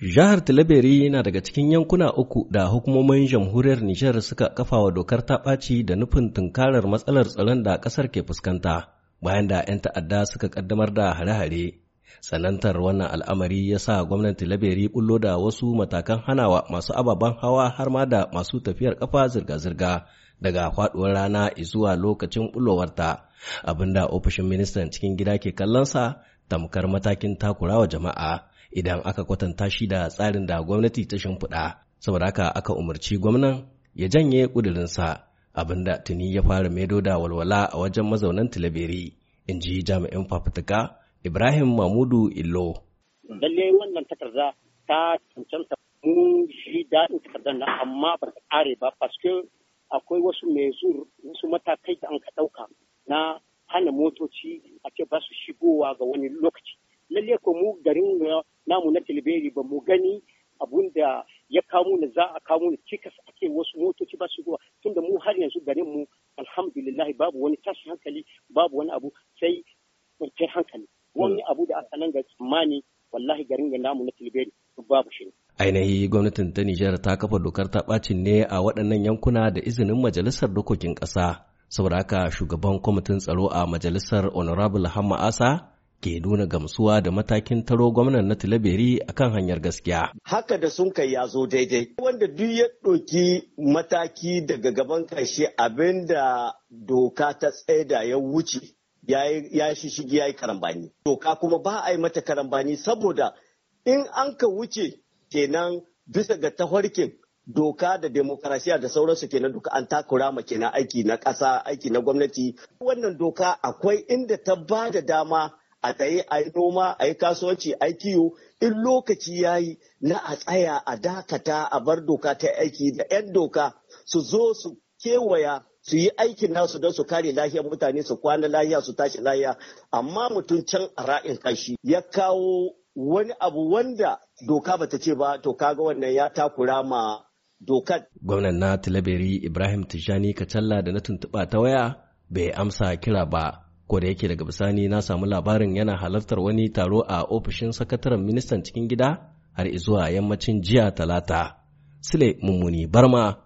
Jihar Tilaberi na daga cikin yankuna uku da hukumomin jamhuriyar Nijar suka kafa wa dokar taɓaci da nufin tunkarar matsalar tsaron da ƙasar ke fuskanta bayan da 'yan ta'adda suka ƙaddamar da hare-hare. Sanantar wannan al'amari ya sa gwamnati Laberi bullo da wasu matakan hanawa masu ababen hawa har ma da masu tafiyar kafa zirga-zirga daga faduwar rana zuwa lokacin bullowarta. Abinda ofishin ministan cikin gida ke kallonsa tamkar matakin takurawa jama'a idan aka kwatanta shi da tsarin da gwamnati ta shimfiɗa. Saboda haka aka umarci gwamnan ya janye ƙudurinsa abinda tuni ya fara maido da walwala a wajen mazaunan tilaberi in ji jami'in fafutuka Ibrahim Mamudu Illo. Lalle wannan takarda ta cancanta mun shi daɗin takardar nan amma ba ta ƙare ba paske akwai wasu mezur wasu matakai da an ka ɗauka na hana motoci a ce ba su shigowa ga wani lokaci. Lalle ko mu garin namu na Tilberi ba mu gani abun da ya kamo ni za a kamo ni cikas a ce wasu motoci ba su shigowa tunda mu har yanzu garin mu alhamdulillah babu wani tashin hankali babu wani abu sai kwanciyar hankali. wani hmm. abu da aka nan ga tsammani wallahi garin ga namu na tilberi babu shi ainihi gwamnatin ta nijar ta kafa dokar ta bacin ne a waɗannan yankuna da izinin majalisar dokokin ƙasa saboda haka shugaban kwamitin tsaro a majalisar honorable hamma asa ke nuna gamsuwa da matakin taro gwamnan na tilaberi akan hanyar gaskiya. Haka da sun kai ya zo daidai. Wanda duk ya ɗauki mataki daga gaban ƙarshe abinda doka ta tsaida ya wuce ya shishigi ya yi karambani doka kuma ba a yi mata karambani saboda in an ka wuce kenan bisa ga tafarkin doka da demokarasiya da sauransu kenan duka an takura ma kenan aiki na ƙasa aiki na gwamnati wannan doka akwai inda ta ba da dama a tsaye a yi noma a yi kasuwanci a yi in lokaci ya yi na a tsaya a dakata a bar doka ta aiki da 'yan doka su zo su kewaya su yi aikin nasu don su kare lahiyar mutane su kwana lahiya su tashi lahiya amma mutum can a ra'in kashi ya kawo wani abu wanda doka ba ta ce ba to kaga wannan ya takura ma dokar. Gwamnan na Tilaberi Ibrahim Tijjani Kacalla da na tuntuɓa ta waya bai amsa kira ba. Ko da yake daga bisani na samu labarin yana halartar wani taro a ofishin sakataren ministan cikin gida har izuwa yammacin jiya talata. Sule Mummuni Barma